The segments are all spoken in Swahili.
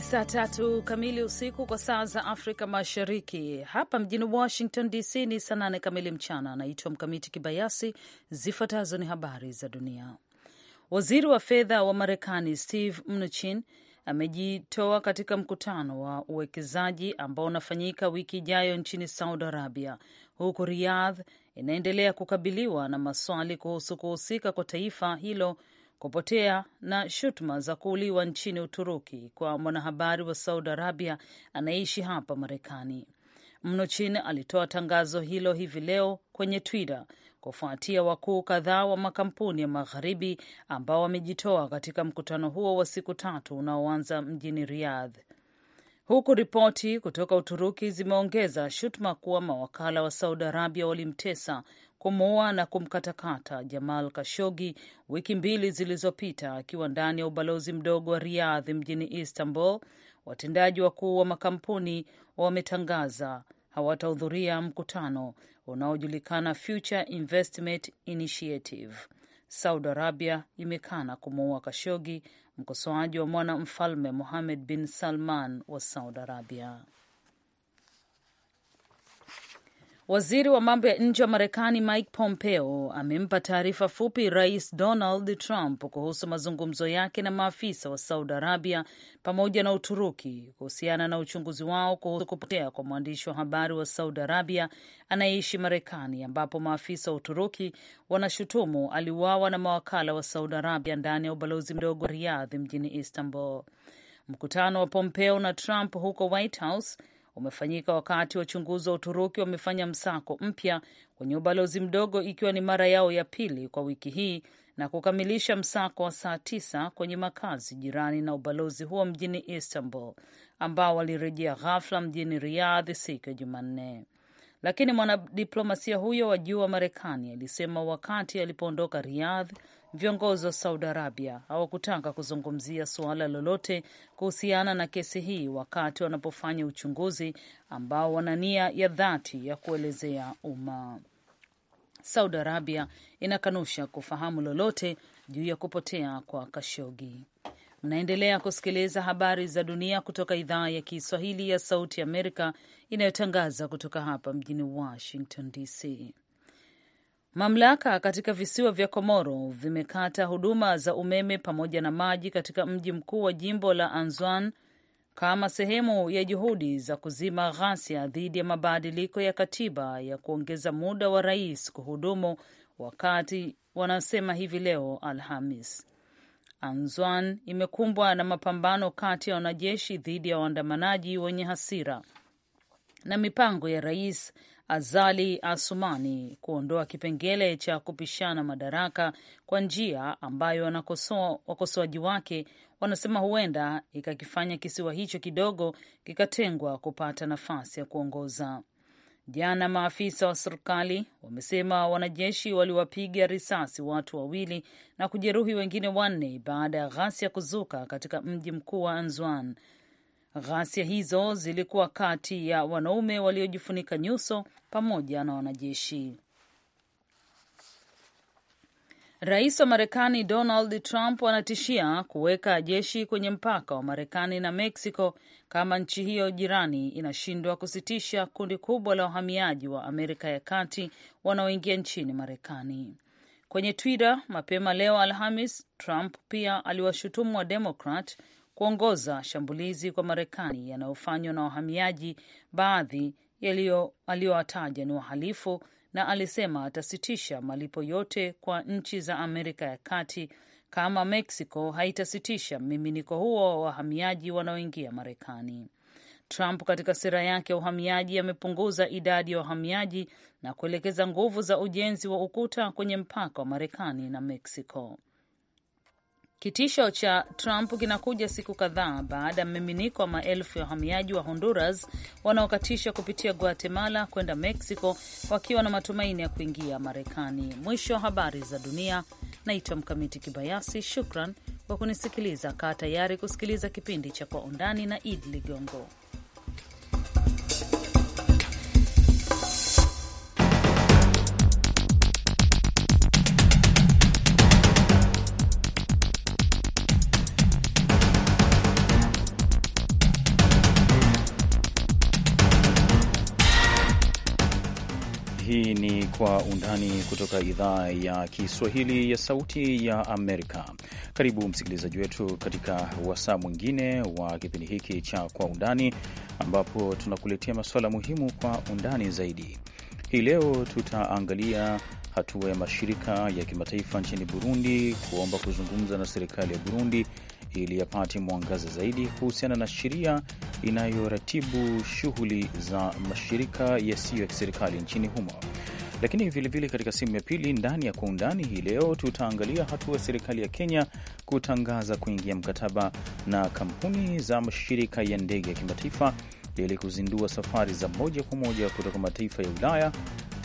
saa tatu kamili usiku kwa saa za Afrika Mashariki. Hapa mjini Washington DC ni saa nane kamili mchana. Anaitwa Mkamiti Kibayasi. Zifuatazo ni habari za dunia. Waziri wa fedha wa Marekani Steve Mnuchin amejitoa katika mkutano wa uwekezaji ambao unafanyika wiki ijayo nchini Saudi Arabia, huku Riyadh inaendelea kukabiliwa na maswali kuhusu kuhusika kwa taifa hilo kupotea na shutuma za kuuliwa nchini Uturuki kwa mwanahabari wa Saudi Arabia anayeishi hapa Marekani. Mnuchin alitoa tangazo hilo hivi leo kwenye Twitter kufuatia wakuu kadhaa wa makampuni ya magharibi ambao wamejitoa katika mkutano huo wa siku tatu unaoanza mjini Riyadh huku ripoti kutoka Uturuki zimeongeza shutuma kuwa mawakala wa Saudi Arabia walimtesa, kumuua na kumkatakata Jamal Kashogi wiki mbili zilizopita akiwa ndani ya ubalozi mdogo wa Riyadh mjini Istanbul. Watendaji wakuu wa makampuni wametangaza hawatahudhuria mkutano unaojulikana Future Investment Initiative. Saudi Arabia imekana kumuua Kashogi mkosoaji wa mwana mfalme Mohammed bin Salman wa Saudi Arabia. Waziri wa mambo ya nje wa Marekani Mike Pompeo amempa taarifa fupi Rais Donald Trump kuhusu mazungumzo yake na maafisa wa Saudi Arabia pamoja na Uturuki kuhusiana na uchunguzi wao kuhusu kupotea kwa mwandishi wa habari wa Saudi Arabia anayeishi Marekani, ambapo maafisa wa Uturuki wanashutumu aliuawa na mawakala wa Saudi Arabia ndani ya ubalozi mdogo wa mjini Istanbul. Mkutano wa Pompeo na Trump huko White House umefanyika wakati wachunguzi wa Uturuki wamefanya msako mpya kwenye ubalozi mdogo ikiwa ni mara yao ya pili kwa wiki hii na kukamilisha msako wa saa tisa kwenye makazi jirani na ubalozi huo mjini Istanbul ambao walirejea ghafla mjini Riyadh siku ya Jumanne lakini mwanadiplomasia huyo wa juu wa Marekani alisema wakati alipoondoka Riyadh, viongozi wa Saudi Arabia hawakutaka kuzungumzia suala lolote kuhusiana na kesi hii wakati wanapofanya uchunguzi ambao wana nia ya dhati ya kuelezea umma. Saudi Arabia inakanusha kufahamu lolote juu ya kupotea kwa Kashogi. Unaendelea kusikiliza habari za dunia kutoka idhaa ya Kiswahili ya Sauti Amerika inayotangaza kutoka hapa mjini Washington DC. Mamlaka katika visiwa vya Komoro vimekata huduma za umeme pamoja na maji katika mji mkuu wa jimbo la Anzwan kama sehemu ya juhudi za kuzima ghasia dhidi ya mabadiliko ya katiba ya kuongeza muda wa rais kuhudumu, wakati wanasema hivi leo Alhamis. Anzwan imekumbwa na mapambano kati ya wanajeshi dhidi ya waandamanaji wenye hasira na mipango ya rais Azali Asumani kuondoa kipengele cha kupishana madaraka kwa njia ambayo wanakosoa wakosoaji wake wanasema huenda ikakifanya kisiwa hicho kidogo kikatengwa kupata nafasi ya kuongoza. Jana maafisa wa serikali wamesema wanajeshi waliwapiga risasi watu wawili na kujeruhi wengine wanne baada ya ghasia kuzuka katika mji mkuu wa Anzwan. Ghasia hizo zilikuwa kati ya wanaume waliojifunika nyuso pamoja na wanajeshi. Rais wa Marekani Donald Trump anatishia kuweka jeshi kwenye mpaka wa Marekani na Meksiko kama nchi hiyo jirani inashindwa kusitisha kundi kubwa la wahamiaji wa Amerika ya Kati wanaoingia nchini Marekani. Kwenye Twitter mapema leo Alhamis, Trump pia aliwashutumu wa Demokrat kuongoza shambulizi kwa Marekani yanayofanywa na wahamiaji, baadhi aliyowataja ni wahalifu na alisema atasitisha malipo yote kwa nchi za Amerika ya Kati kama Mexico haitasitisha mmiminiko huo wa wahamiaji wanaoingia Marekani. Trump katika sera yake ya uhamiaji amepunguza idadi ya wahamiaji na kuelekeza nguvu za ujenzi wa ukuta kwenye mpaka wa Marekani na Mexico. Kitisho cha Trump kinakuja siku kadhaa baada ya mmiminiko wa maelfu ya wahamiaji wa Honduras wanaokatisha kupitia Guatemala kwenda Mexico wakiwa na matumaini ya kuingia Marekani. Mwisho wa habari za dunia. Naitwa Mkamiti Kibayasi. Shukran kwa kunisikiliza. Kaa tayari kusikiliza kipindi cha Kwa Undani na id Ligongo. ni Kwa Undani kutoka idhaa ya Kiswahili ya Sauti ya Amerika. Karibu msikilizaji wetu katika wasaa mwingine wa kipindi hiki cha Kwa Undani, ambapo tunakuletea masuala muhimu kwa undani zaidi. Hii leo tutaangalia hatua ya mashirika ya kimataifa nchini Burundi kuomba kuzungumza na serikali ya Burundi ili yapate mwangaza zaidi kuhusiana na sheria inayoratibu shughuli za mashirika yasiyo ya kiserikali nchini humo. Lakini vilevile katika sehemu ya pili ndani ya kwa undani hii leo tutaangalia hatua serikali ya Kenya kutangaza kuingia mkataba na kampuni za mashirika ya ndege ya kimataifa ili kuzindua safari za moja kwa moja kutoka mataifa ya Ulaya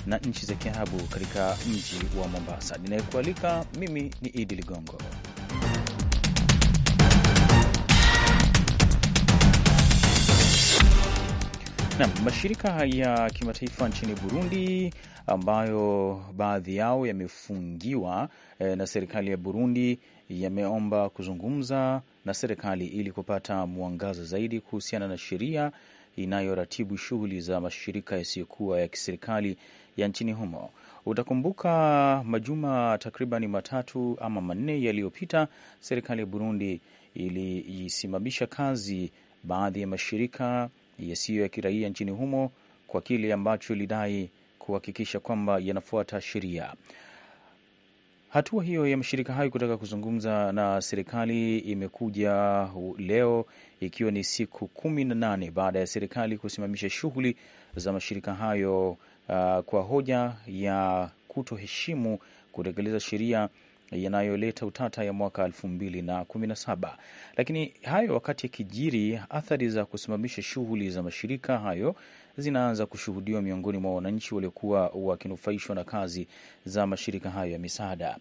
na nchi za Kiarabu katika mji wa Mombasa. Ninayekualika mimi ni Idi Ligongo. Nam, mashirika ya kimataifa nchini Burundi ambayo baadhi yao yamefungiwa e, na serikali ya Burundi yameomba kuzungumza na serikali ili kupata mwangaza zaidi kuhusiana na sheria inayoratibu shughuli za mashirika yasiyokuwa ya kiserikali ya nchini humo. Utakumbuka majuma takribani matatu ama manne yaliyopita, serikali ya Burundi iliisimamisha kazi baadhi ya mashirika yasiyo ya kiraia nchini humo kwa kile ambacho ilidai kuhakikisha kwamba yanafuata sheria. Hatua hiyo ya mashirika hayo kutaka kuzungumza na serikali imekuja leo ikiwa ni siku kumi na nane baada ya serikali kusimamisha shughuli za mashirika hayo uh, kwa hoja ya kutoheshimu kutekeleza sheria yanayoleta utata ya mwaka saba Lakini hayo wakati ya kijiri athari za kusimamisha shughuli za mashirika hayo zinaanza kushuhudiwa miongoni mwa wananchi waliokuwa wakinufaishwa na kazi za mashirika hayo ya misaada.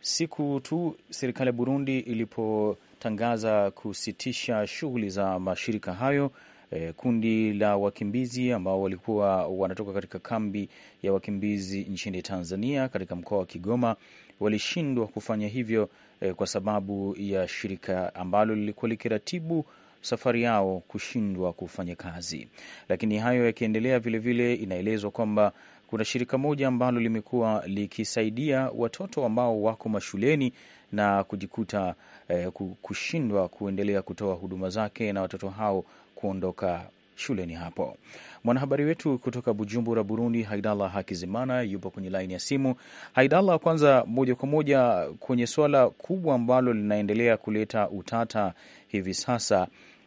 Siku tu serikali ya Burundi ilipotangaza kusitisha shughuli za mashirika hayo eh, kundi la wakimbizi ambao walikuwa wanatoka katika kambi ya wakimbizi nchini Tanzania katika mkoa wa Kigoma walishindwa kufanya hivyo eh, kwa sababu ya shirika ambalo lilikuwa likiratibu safari yao kushindwa kufanya kazi. Lakini hayo yakiendelea, vilevile inaelezwa kwamba kuna shirika moja ambalo limekuwa likisaidia watoto ambao wako mashuleni na kujikuta eh, kushindwa kuendelea kutoa huduma zake, na watoto hao kuondoka shuleni hapo. Mwanahabari wetu kutoka Bujumbura, Burundi, haidala Hakizimana yupo kwenye laini ya simu. haidala kwanza moja kwa moja kwenye suala kubwa ambalo linaendelea kuleta utata hivi sasa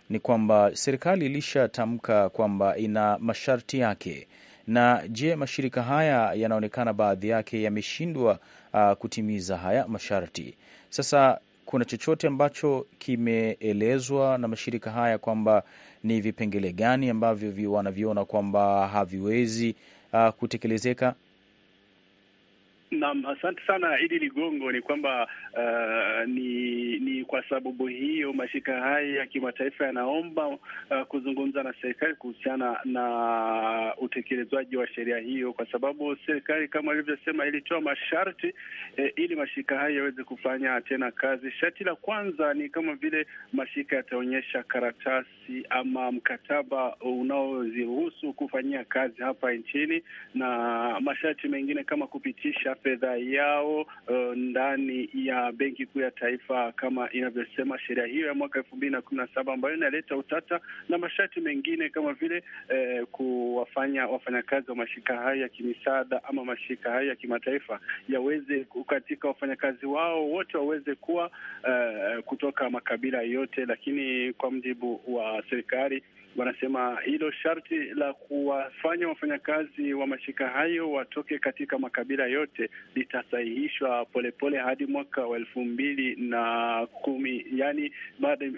ni kwamba serikali ilishatamka kwamba ina masharti yake, na je, mashirika haya yanaonekana baadhi yake yameshindwa uh, kutimiza haya masharti. Sasa kuna chochote ambacho kimeelezwa na mashirika haya kwamba ni vipengele gani ambavyo wanavyoona kwamba haviwezi uh, kutekelezeka? Naam, asante sana Idi Ligongo. Ni kwamba uh, ni ni kwa sababu hiyo mashirika haya ya kimataifa yanaomba uh, kuzungumza na serikali kuhusiana na utekelezwaji wa sheria hiyo, kwa sababu serikali kama ilivyosema ilitoa masharti eh, ili mashirika haya yaweze kufanya tena kazi. Sharti la kwanza ni kama vile mashirika yataonyesha karatasi ama mkataba unaoziruhusu kufanyia kazi hapa nchini, na masharti mengine kama kupitisha fedha yao uh, ndani ya benki kuu ya taifa kama inavyosema sheria hiyo ya mwaka elfu mbili na kumi na saba ambayo inaleta utata na masharti mengine kama vile eh, kuwafanya wafanyakazi wa mashirika hayo ya kimisaada ama mashirika hayo ya kimataifa yaweze katika wafanyakazi wao wote waweze kuwa eh, kutoka makabila yote, lakini kwa mjibu wa serikali wanasema hilo sharti la kuwafanya wafanyakazi wa mashirika hayo watoke katika makabila yote litasahihishwa polepole hadi mwaka wa elfu mbili na kumi yani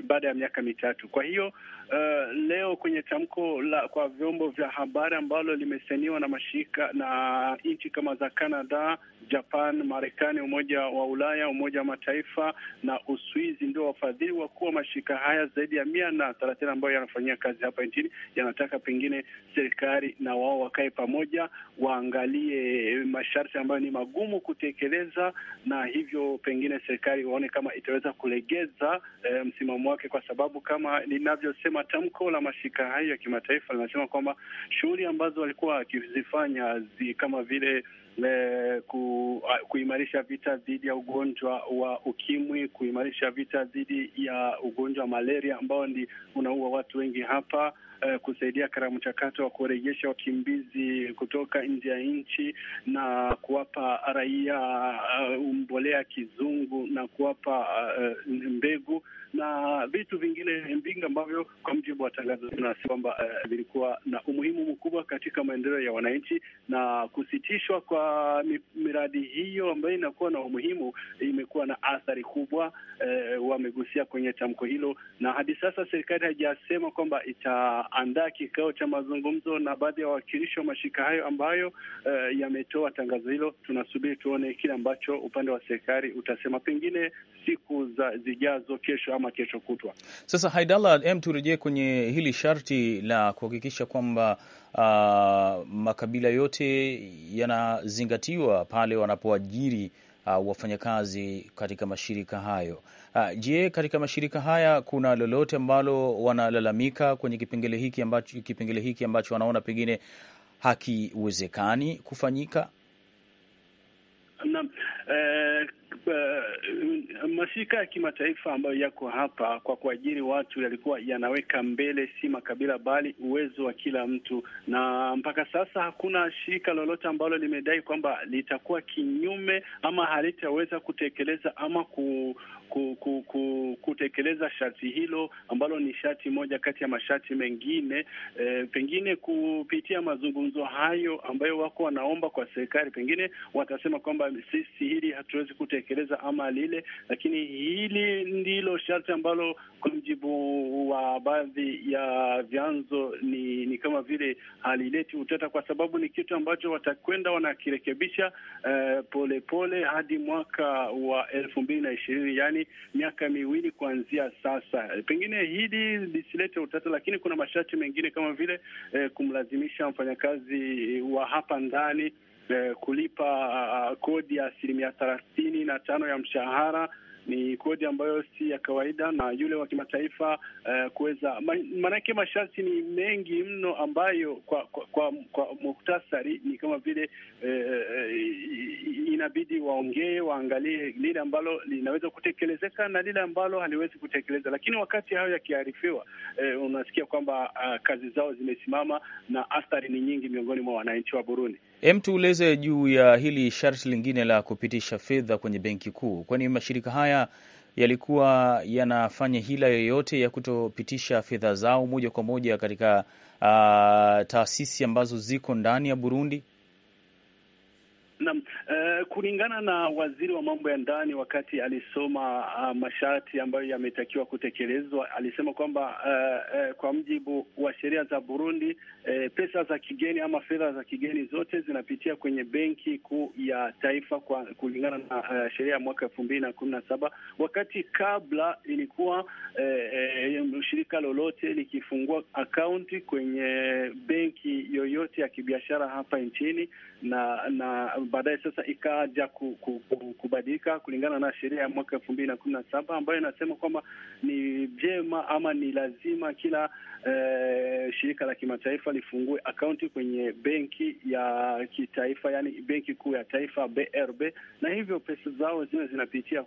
baada ya miaka mitatu. Kwa hiyo uh, leo kwenye tamko la kwa vyombo vya habari ambalo limesainiwa na mashirika na nchi kama za Canada, Japan, Marekani, Umoja wa Ulaya, Umoja wa Mataifa na Uswizi ndio wafadhili wakuu wa mashirika haya zaidi ya mia na thelathini ambayo yanafanyia kazi hapa nchini, yanataka pengine serikali na wao wakae pamoja, waangalie masharti ambayo ni magumu kutekeleza, na hivyo pengine serikali waone kama itaweza kulegeza e, msimamo wake, kwa sababu kama linavyosema tamko la mashirika hayo ya kimataifa linasema kwamba shughuli ambazo walikuwa wakizifanya kama vile Le, eh, ku, kuimarisha vita dhidi ya ugonjwa wa ukimwi, kuimarisha vita dhidi ya ugonjwa wa malaria ambao ndi unaua watu wengi hapa uh, kusaidia katika mchakato wa kurejesha wakimbizi kutoka nje ya nchi na kuwapa raia uh, mbolea kizungu na kuwapa uh, mbegu na vitu vingine mbingi ambavyo kwa mujibu wa tangazo tunasema kwamba uh, vilikuwa na umuhimu mkubwa katika maendeleo ya wananchi, na kusitishwa kwa miradi hiyo ambayo inakuwa na umuhimu imekuwa na athari kubwa. Uh, wamegusia kwenye tamko hilo, na hadi sasa serikali haijasema kwamba ita andaa kikao cha mazungumzo na baadhi ya wawakilishi wa mashirika hayo ambayo uh, yametoa tangazo hilo. Tunasubiri tuone kile ambacho upande wa serikali utasema, pengine siku za zijazo, kesho ama kesho kutwa. Sasa haidala em, turejee kwenye hili sharti la kuhakikisha kwamba uh, makabila yote yanazingatiwa pale wanapoajiri uh, wafanyakazi katika mashirika hayo. Uh, je, katika mashirika haya kuna lolote ambalo wanalalamika kwenye kipengele hiki ambacho, kipengele hiki ambacho wanaona pengine hakiwezekani kufanyika? eh, uh, mashirika ya kimataifa ambayo yako hapa kwa kuajiri watu yalikuwa yanaweka mbele si makabila, bali uwezo wa kila mtu, na mpaka sasa hakuna shirika lolote ambalo limedai kwamba litakuwa kinyume ama halitaweza kutekeleza ama ku ku, ku, ku, kutekeleza sharti hilo ambalo ni sharti moja kati ya masharti mengine e, pengine kupitia mazungumzo hayo ambayo wako wanaomba kwa serikali, pengine watasema kwamba sisi hili hatuwezi kutekeleza ama lile, lakini hili ndilo sharti ambalo kwa mjibu wa baadhi ya vyanzo ni, ni kama vile halileti utata, kwa sababu ni kitu ambacho watakwenda wanakirekebisha polepole eh, uh, pole, hadi mwaka wa elfu mbili na ishirini yani madarakani miaka miwili kuanzia sasa. Eh, pengine hili lisilete utata, lakini kuna masharti mengine kama vile eh, kumlazimisha mfanyakazi eh, wa hapa ndani eh, kulipa uh, kodi ya asilimia thelathini na tano ya mshahara ni kodi ambayo si ya kawaida na yule wa kimataifa uh, kuweza maanake, masharti ni mengi mno ambayo kwa kwa, kwa, kwa muktasari ni kama vile uh, inabidi waongee waangalie lile ambalo linaweza kutekelezeka na lile ambalo haliwezi kutekeleza, lakini wakati hayo yakiarifiwa, uh, unasikia kwamba uh, kazi zao zimesimama na athari ni nyingi miongoni mwa wananchi wa Burundi. Hem, tuuleze juu ya hili sharti lingine la kupitisha fedha kwenye benki kuu, kwani mashirika haya yalikuwa yanafanya hila yoyote ya kutopitisha fedha zao moja kwa moja katika uh, taasisi ambazo ziko ndani ya Burundi? Naam, uh, kulingana na waziri wa mambo ya ndani wakati alisoma uh, masharti ambayo yametakiwa kutekelezwa, alisema kwamba uh, uh, kwa mjibu wa sheria za Burundi uh, pesa za kigeni ama fedha za kigeni zote zinapitia kwenye benki kuu ya taifa kwa kulingana na uh, sheria ya mwaka elfu mbili na kumi na saba wakati kabla ilikuwa uh, uh, shirika lolote likifungua akaunti kwenye benki yoyote ya kibiashara hapa nchini na na baadaye sasa ikaja kubadilika kulingana na sheria ya mwaka elfu mbili na kumi na saba ambayo inasema kwamba ni vyema ama ni lazima kila eh, shirika la kimataifa lifungue akaunti kwenye benki ya kitaifa, yani benki kuu ya taifa BRB, na hivyo pesa zao ziwe zinapitia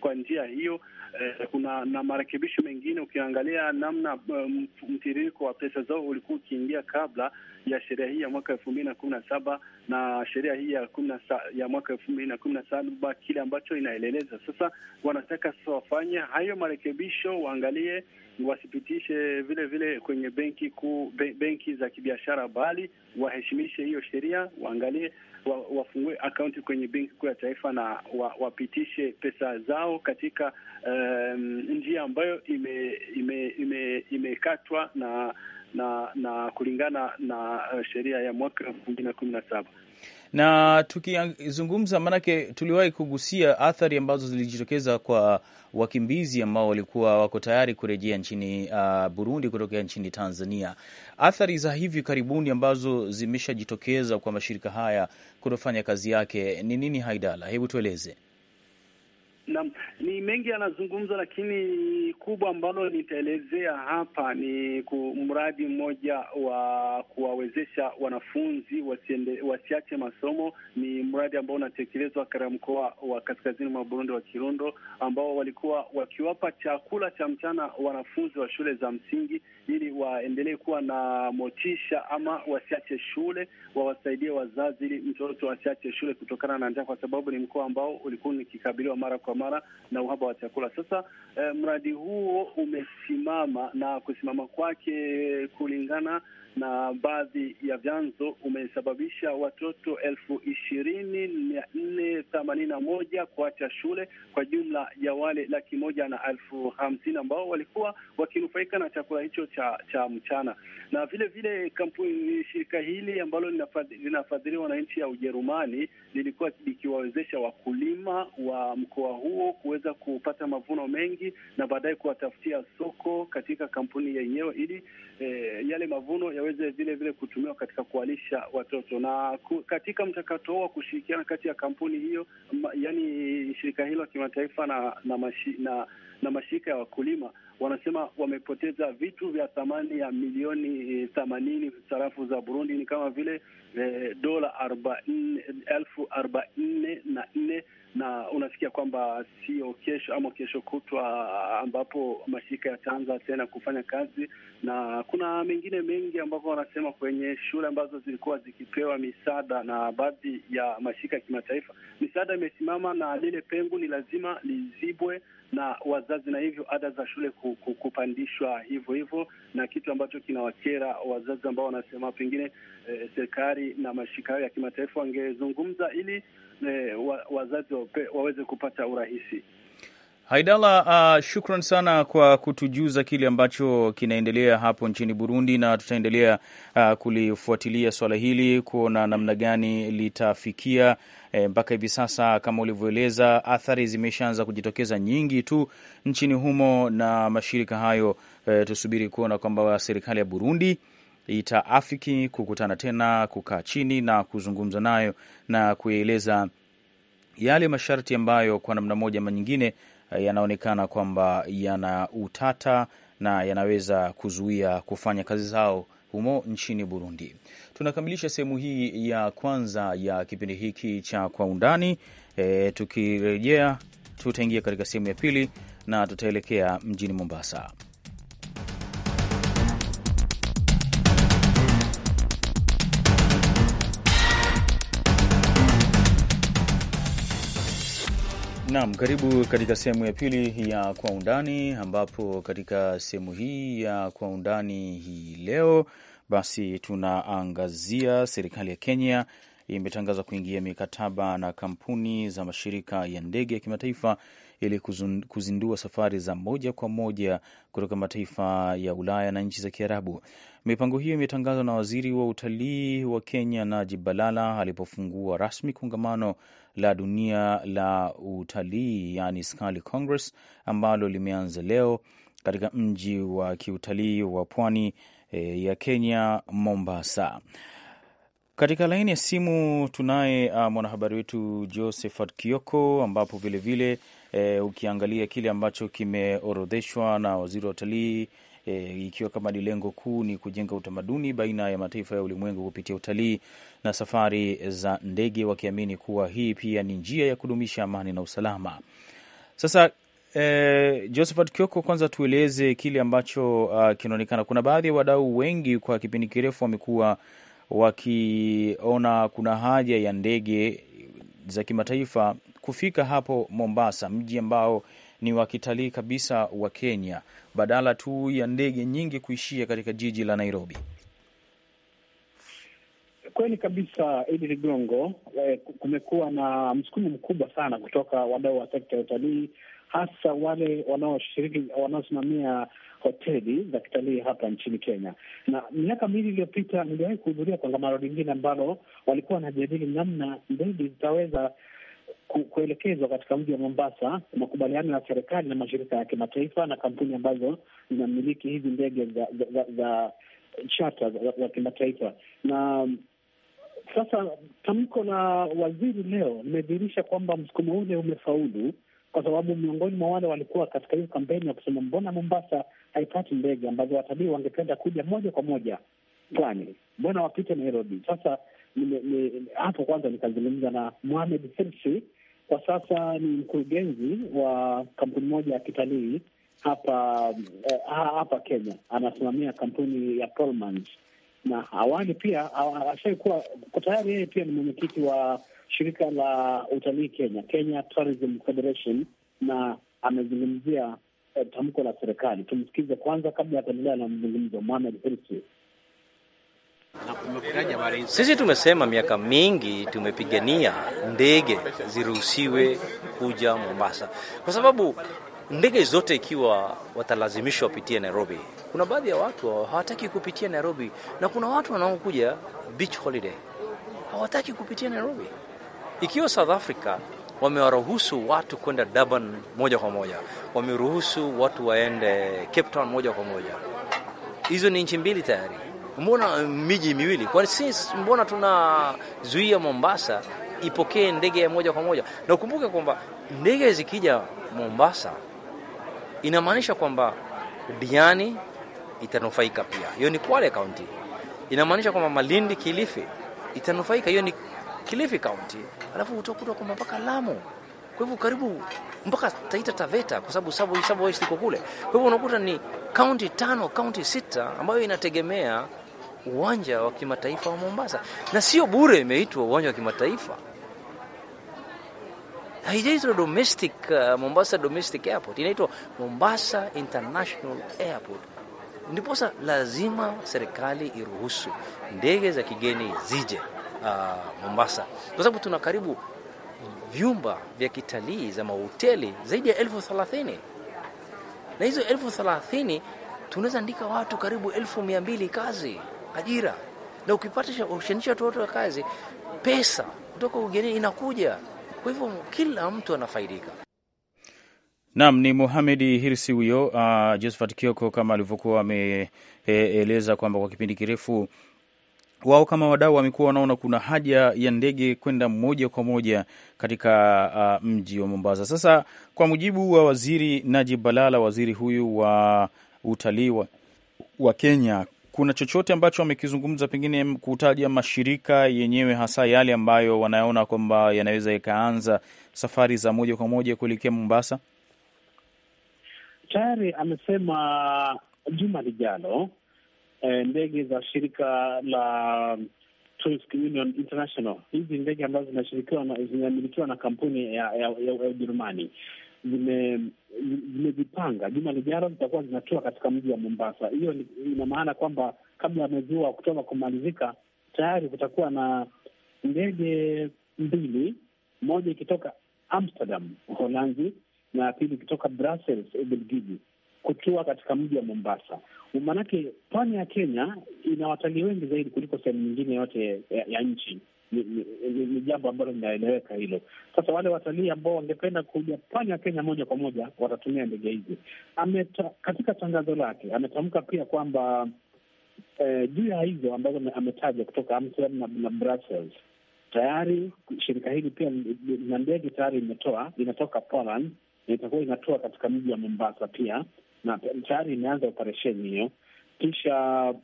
kwa njia hiyo. Eh, kuna na marekebisho mengine, ukiangalia namna um, mtiririko wa pesa zao ulikuwa ukiingia kabla ya sheria hii ya mwaka elfu mbili na kumi na saba na sheria hii ya kumi na sa, ya mwaka elfu mbili na kumi na saba kile ambacho inaeleleza sasa. Wanataka sasa wafanye hayo marekebisho, waangalie wasipitishe vile vile kwenye benki kuu, benki za kibiashara, bali waheshimishe hiyo sheria, waangalie wa, wafungue akaunti kwenye benki kuu ya taifa na wa, wapitishe pesa zao katika um, njia ambayo imekatwa ime, ime, ime na na na kulingana na eh, sheria ya mwaka elfu mbili na kumi na saba. Na tukizungumza, maanake tuliwahi kugusia athari ambazo zilijitokeza kwa wakimbizi ambao walikuwa wako tayari kurejea nchini uh, Burundi kutokea nchini Tanzania, athari za hivi karibuni ambazo zimeshajitokeza kwa mashirika haya kutofanya kazi yake ni nini? Haidala, hebu tueleze. Naam, ni mengi yanazungumzwa, lakini kubwa ambalo nitaelezea hapa ni mradi mmoja wa kuwawezesha wanafunzi wasiende, wasiache masomo. Ni mradi ambao unatekelezwa katika mkoa wa kaskazini mwa Burundi wa Kirundo, ambao walikuwa wakiwapa chakula cha mchana wanafunzi wa shule za msingi ili waendelee kuwa na motisha ama wasiache shule, wawasaidie wazazi ili mtoto asiache shule kutokana na njaa, kwa sababu ni mkoa ambao ulikuwa nikikabiliwa mara kwa mara na uhaba wa chakula. Sasa eh, mradi huo umesimama na kusimama kwake kulingana na baadhi ya vyanzo umesababisha watoto elfu ishirini mia nne themanini na moja kuacha shule kwa jumla ya wale laki moja na elfu hamsini ambao walikuwa wakinufaika na chakula hicho cha cha mchana. Na vile vile kampuni shirika hili ambalo linafadhiliwa na nchi ya Ujerumani lilikuwa likiwawezesha wakulima wa mkoa huo kuweza kupata mavuno mengi na baadaye kuwatafutia soko katika kampuni yenyewe ili eh, yale mavuno ya yaweze vile vile kutumiwa katika kuwalisha watoto. Na katika mchakato huo wa kushirikiana kati ya kampuni hiyo, yani shirika hilo la kimataifa na na, mashi, na na mashirika ya wakulima wanasema wamepoteza vitu vya thamani ya milioni eh, themanini sarafu za Burundi, ni kama vile eh, dola elfu arobaini na nne na unasikia kwamba sio kesho ama kesho kutwa ambapo mashirika yataanza tena kufanya kazi, na kuna mengine mengi ambapo wanasema kwenye shule ambazo zilikuwa zikipewa misaada na baadhi ya mashirika ya kimataifa, misaada imesimama na lile pengo ni lazima lizibwe na wazazi, na hivyo ada za shule kupandishwa hivyo hivyo, na kitu ambacho kinawakera wazazi ambao wanasema pengine eh, serikali na mashirika hayo ya kimataifa wangezungumza ili eh, wazazi waweze kupata urahisi. Haidala, uh, shukran sana kwa kutujuza kile ambacho kinaendelea hapo nchini Burundi, na tutaendelea uh, kulifuatilia swala hili kuona namna gani litafikia eh, mpaka e, hivi sasa kama ulivyoeleza, athari zimeshaanza kujitokeza nyingi tu nchini humo na mashirika hayo e, tusubiri kuona kwamba serikali ya Burundi itaafiki kukutana tena, kukaa chini na kuzungumza nayo na kueleza yale masharti ambayo kwa namna moja ama nyingine Eh, yanaonekana kwamba yana utata na yanaweza kuzuia kufanya kazi zao humo nchini Burundi. Tunakamilisha sehemu hii ya kwanza ya kipindi hiki cha Kwa Undani. E, tukirejea tutaingia katika sehemu ya pili na tutaelekea mjini Mombasa. Naam, karibu katika sehemu ya pili ya Kwa Undani, ambapo katika sehemu hii ya Kwa Undani hii leo basi tunaangazia serikali ya Kenya imetangaza kuingia mikataba na kampuni za mashirika ya ndege ya kimataifa ili kuzindua safari za moja kwa moja kutoka mataifa ya Ulaya na nchi za Kiarabu. Mipango hiyo imetangazwa na waziri wa utalii wa Kenya Najib Balala alipofungua rasmi kongamano la dunia la utalii yani Skali Congress ambalo limeanza leo katika mji wa kiutalii wa pwani e, ya Kenya, Mombasa. Katika laini ya simu tunaye uh, mwanahabari wetu Josephat Kioko, ambapo vilevile vile, e, ukiangalia kile ambacho kimeorodheshwa na waziri wa utalii e, ikiwa kama ni lengo kuu ni kujenga utamaduni baina ya mataifa ya ulimwengu kupitia utalii na safari za ndege, wakiamini kuwa hii pia ni njia ya kudumisha amani na usalama. Sasa e, Josephat Kioko, kwanza tueleze kile ambacho uh, kinaonekana. Kuna baadhi ya wadau wengi kwa kipindi kirefu wamekuwa wakiona kuna haja ya ndege za kimataifa kufika hapo Mombasa, mji ambao ni wa kitalii kabisa wa Kenya, badala tu ya ndege nyingi kuishia katika jiji la Nairobi. Kweli kabisa, Idi Ligongo, eh, kumekuwa na msukumo mkubwa sana kutoka wadau wa sekta ya utalii, hasa wale wanaoshiriki wanaosimamia hoteli za kitalii hapa nchini Kenya. Na miaka miwili iliyopita niliwahi kuhudhuria kongamano lingine ambalo walikuwa wanajadili namna ndege zitaweza kuelekezwa katika mji wa Mombasa, makubaliano ya serikali na mashirika ya kimataifa na kampuni ambazo zinamiliki hizi ndege za za, za, za chata za, za kimataifa. Na sasa tamko la waziri leo limedhihirisha kwamba msukumo ule umefaulu, kwa sababu miongoni mwa wale walikuwa katika hiyo kampeni ya kusema mbona Mombasa haipati ndege ambazo watalii wangependa kuja moja kwa moja pwani, mbona wapite Nairobi? Sasa hapo kwanza nikazungumza na Mohamed Selsi kwa sasa ni mkurugenzi wa kampuni moja ya kitalii hapa eh, hapa Kenya, anasimamia kampuni ya Pullman, na awali pia ashaikuwa tayari, yeye pia ni mwenyekiti wa shirika la utalii Kenya, Kenya Tourism Federation, na amezungumzia eh, tamko la serikali. Tumsikize kwanza kabla ya kuendelea na mzungumzo. Mohamed Hirsi. Sisi tumesema miaka mingi tumepigania ndege ziruhusiwe kuja Mombasa, kwa sababu ndege zote ikiwa watalazimishwa wapitie Nairobi, kuna baadhi ya watu hawataki kupitia Nairobi, na kuna watu wanaokuja beach holiday hawataki kupitia Nairobi. Ikiwa South Africa wamewaruhusu watu kwenda Durban moja kwa moja, wameruhusu watu waende Cape Town moja kwa moja, hizo ni nchi mbili tayari Mbona eh, miji miwili? kwa sisi mbona tunazuia Mombasa ipokee ndege moja kwa moja? Na ukumbuke kwamba ndege zikija Mombasa inamaanisha kwamba Diani itanufaika pia, hiyo ni Kwale County. Inamaanisha kwamba Malindi, Kilifi itanufaika, hiyo ni Kilifi County, alafu utakuta kwamba mpaka Lamu, kwa hivyo karibu mpaka Taita Taveta, kwa sababu sababu iko kule. Kwa hivyo unakuta ni kaunti tano, kaunti sita ambayo inategemea uwanja wa kimataifa wa Mombasa, na sio bure imeitwa uwanja wa kimataifa haijaitwa domestic uh, Mombasa domestic airport, inaitwa Mombasa International Airport. Ndiposa lazima serikali iruhusu ndege za kigeni zije uh, Mombasa, kwa sababu tuna karibu vyumba vya kitalii za mahoteli zaidi ya elfu thelathini na hizo elfu thelathini tunaweza andika watu karibu elfu mia mbili kazi ajira, na ukipata ushanisha watu wa kazi, pesa kutoka ugenini inakuja. Kwa hivyo kila mtu anafaidika. Naam, ni Muhamedi Hirsi huyo. Uh, Josephat Kioko kama alivyokuwa ameeleza e, kwamba kwa kipindi kirefu wao kama wadau wamekuwa wanaona kuna haja ya ndege kwenda moja kwa moja katika uh, mji wa Mombasa. Sasa kwa mujibu wa waziri Najib Balala, waziri huyu wa utalii wa, wa Kenya, kuna chochote ambacho wamekizungumza, pengine kutaja mashirika yenyewe, hasa yale ambayo wanaona kwamba yanaweza yakaanza safari za moja kwa moja kuelekea Mombasa? Tayari amesema juma lijalo eh, ndege za shirika la Tourist Union International, hizi ndege ambazo zinashirikiwa zinamilikiwa na kampuni ya Ujerumani ya, ya, ya zimejipanga juma lijalo zitakuwa zinatua katika mji wa Mombasa. Hiyo ina maana kwamba kabla ya mwezi huu wa Oktoba kumalizika, tayari kutakuwa na ndege mbili, moja ikitoka Amsterdam Uholanzi na ya pili ikitoka Brussels Ubelgiji kutua katika mji wa Mombasa. Maanake pwani ya Kenya ina watalii wengi zaidi kuliko sehemu nyingine yote ya, ya nchi ni jambo ambalo linaeleweka hilo. Sasa wale watalii ambao wangependa kuja pwani ya Kenya moja kwa moja watatumia ndege hizi. Katika tangazo lake ametamka pia kwamba eh, juu ya hizo ambazo ametaja kutoka Amsterdam na, na Brussels tayari shirika hili pia na ndege tayari imetoa inatoka Poland na itakuwa inatoa katika mji wa Mombasa pia, na tayari imeanza operesheni hiyo. Kisha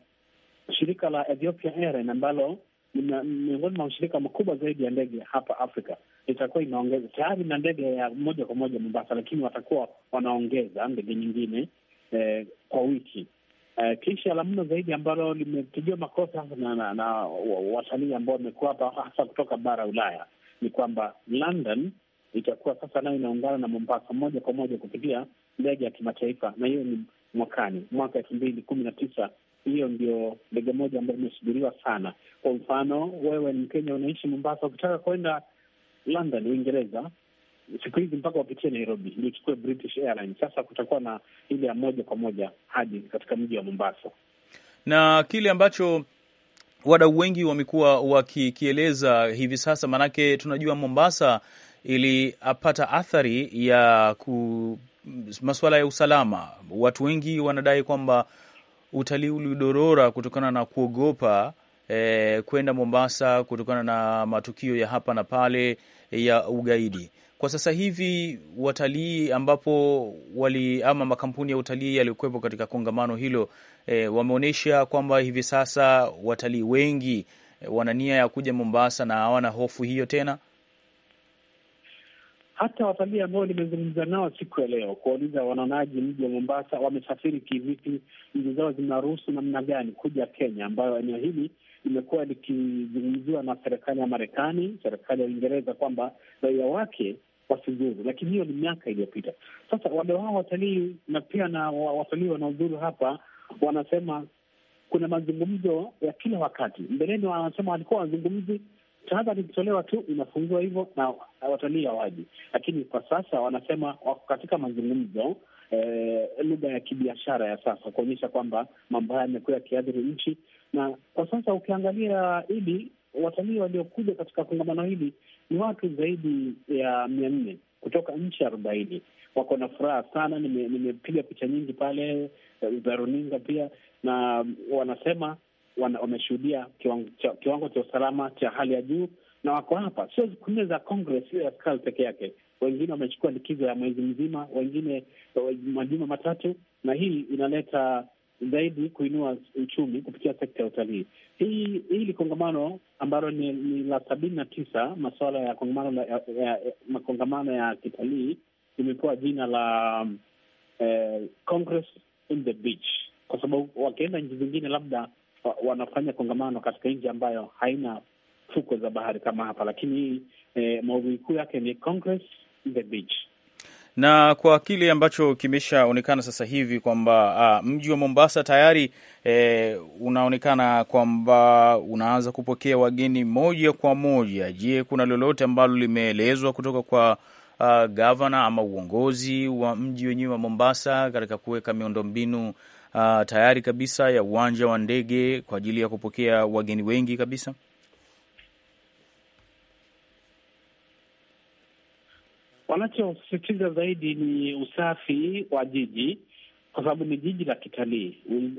shirika la Ethiopia Airlines ambalo miongoni mwa mashirika mkubwa zaidi ya ndege hapa Afrika, itakuwa inaongeza tayari na ndege ya moja kwa moja Mombasa, lakini watakuwa wanaongeza ndege nyingine eh, kwa wiki eh, kisha la mno zaidi ambalo limepigiwa makosa na, na, na watalii ambao wamekuwa hapa hasa kutoka bara Ulaya ni kwamba London itakuwa sasa nayo inaungana na Mombasa moja kwa moja kupitia ndege ya kimataifa, na hiyo ni mwakani, mwaka elfu mbili kumi na tisa. Hiyo ndio ndege moja ambayo imesubiriwa sana. Kwa mfano, wewe ni Mkenya unaishi Mombasa, ukitaka kwenda London Uingereza siku hizi mpaka wapitie Nairobi ndio uchukue British Airlines. Sasa kutakuwa na ile ya moja kwa moja hadi katika mji wa Mombasa, na kile ambacho wadau wengi wamekuwa wakikieleza hivi sasa, maanake tunajua Mombasa iliapata athari ya ku masuala ya usalama, watu wengi wanadai kwamba utalii ulidorora kutokana na kuogopa e, kwenda Mombasa kutokana na matukio ya hapa na pale ya ugaidi. Kwa sasa hivi watalii ambapo wali ama makampuni ya utalii yaliyokuwepo katika kongamano hilo e, wameonyesha kwamba hivi sasa watalii wengi eh, wana nia ya kuja Mombasa na hawana hofu hiyo tena hata watalii ambao nimezungumza nao siku ya leo kuwauliza wanaonaji mji wa Mombasa, wamesafiri kivipi, nchi zao zinaruhusu namna gani kuja Kenya, ambayo eneo hili limekuwa likizungumziwa na serikali ya Marekani, serikali ya Uingereza kwamba raia wake wasizuru, lakini hiyo ni miaka iliyopita. Sasa wale wao watalii na pia na watalii wanaozuru hapa wanasema kuna mazungumzo ya kila wakati. Mbeleni wanasema walikuwa wazungumzi tahadhari ikitolewa tu inafungiwa hivyo na watalii hawaji. Lakini kwa sasa wanasema wako katika mazungumzo eh, lugha ya kibiashara ya sasa kuonyesha kwamba mambo haya yamekuwa yakiathiri nchi, na kwa sasa ukiangalia hili watalii waliokuja katika kongamano hili ni watu zaidi ya mia nne kutoka nchi arobaini. Wako na furaha sana, nimepiga nime picha nyingi pale eh, za runinga pia, na wanasema wameshuhudia kiwango, cha usalama cha hali ya juu na wako hapa. Sio siku nne za Congress, sio ya askari peke yake. Wengine wamechukua likizo ya mwezi mzima, wengine majuma matatu, na hii inaleta zaidi kuinua uchumi kupitia sekta ya utalii. Hii hili kongamano ambalo ni, ni la sabini na tisa masuala ya kongamano ya, ya, makongamano ya kitalii limepewa jina la eh, Congress in the Beach, kwa sababu wakienda nchi zingine labda wanafanya kongamano katika nchi ambayo haina fukwe za bahari kama hapa, lakini eh, maudhui kuu yake ni Congress the beach na kwa kile ambacho kimeshaonekana sasa hivi kwamba ah, mji wa Mombasa tayari e, unaonekana kwamba unaanza kupokea wageni moja kwa moja. Je, kuna lolote ambalo limeelezwa kutoka kwa ah, gavana ama uongozi wa mji wenyewe wa Mombasa katika kuweka miundombinu uh, tayari kabisa ya uwanja wa ndege kwa ajili ya kupokea wageni wengi kabisa? Wanachosisitiza zaidi ni usafi wa jiji kwa sababu ni jiji la kitalii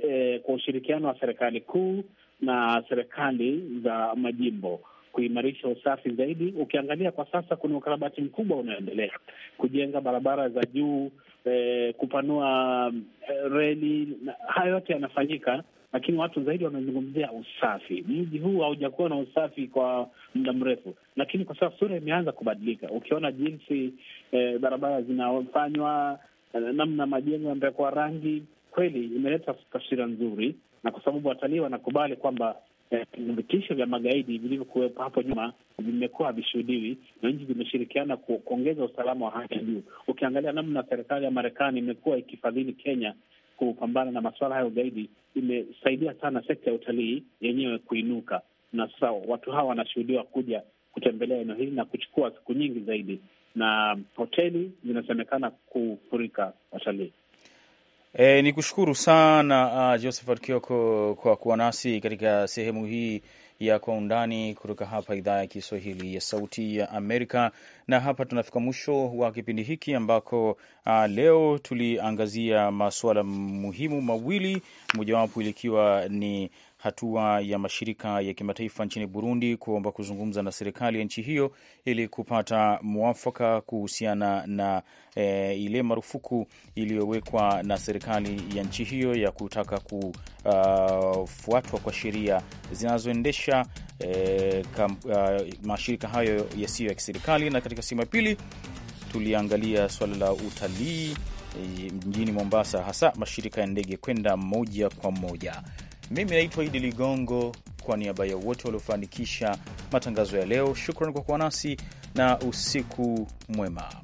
e, kwa ushirikiano wa serikali kuu na serikali za majimbo kuimarisha usafi zaidi. Ukiangalia kwa sasa kuna ukarabati mkubwa unaoendelea kujenga barabara za juu, eh, kupanua eh, reli. Hayo yote yanafanyika, lakini watu zaidi wanazungumzia usafi. Mji huu haujakuwa na usafi kwa muda mrefu, lakini kwa sasa sura imeanza kubadilika, ukiona jinsi eh, barabara zinafanywa, eh, namna majengo yamepakwa rangi, kweli imeleta taswira nzuri, na kwa sababu watalii wanakubali kwamba Eh, vitisho vya magaidi vilivyokuwepo hapo nyuma vimekuwa havishuhudiwi na nchi zimeshirikiana kuongeza usalama wa hali ya juu. Ukiangalia namna serikali ya Marekani imekuwa ikifadhili Kenya kupambana na masuala hayo ugaidi, imesaidia sana sekta ya utalii yenyewe kuinuka, na sasa watu hawa wanashuhudiwa kuja kutembelea eneo hili na kuchukua siku nyingi zaidi, na hoteli zinasemekana kufurika watalii. E, ni kushukuru sana uh, Josephat Kioko kwa kuwa nasi katika sehemu hii ya kwa undani kutoka hapa idhaa ya Kiswahili ya Sauti ya Amerika. Na hapa tunafika mwisho wa kipindi hiki ambako uh, leo tuliangazia masuala muhimu mawili, mojawapo ilikiwa ni hatua ya mashirika ya kimataifa nchini Burundi kuomba kuzungumza na serikali ya nchi hiyo ili kupata mwafaka kuhusiana na e, ile marufuku iliyowekwa na serikali ya nchi hiyo ya kutaka kufuatwa ah, kwa sheria zinazoendesha e, uh, mashirika hayo yasiyo ya kiserikali. Na katika sehemu ya pili tuliangalia suala la utalii eh, mjini Mombasa, hasa mashirika ya ndege kwenda moja kwa moja. Mimi naitwa Idi Ligongo, kwa niaba ya wote waliofanikisha matangazo ya leo, shukran kwa kuwa nasi na usiku mwema.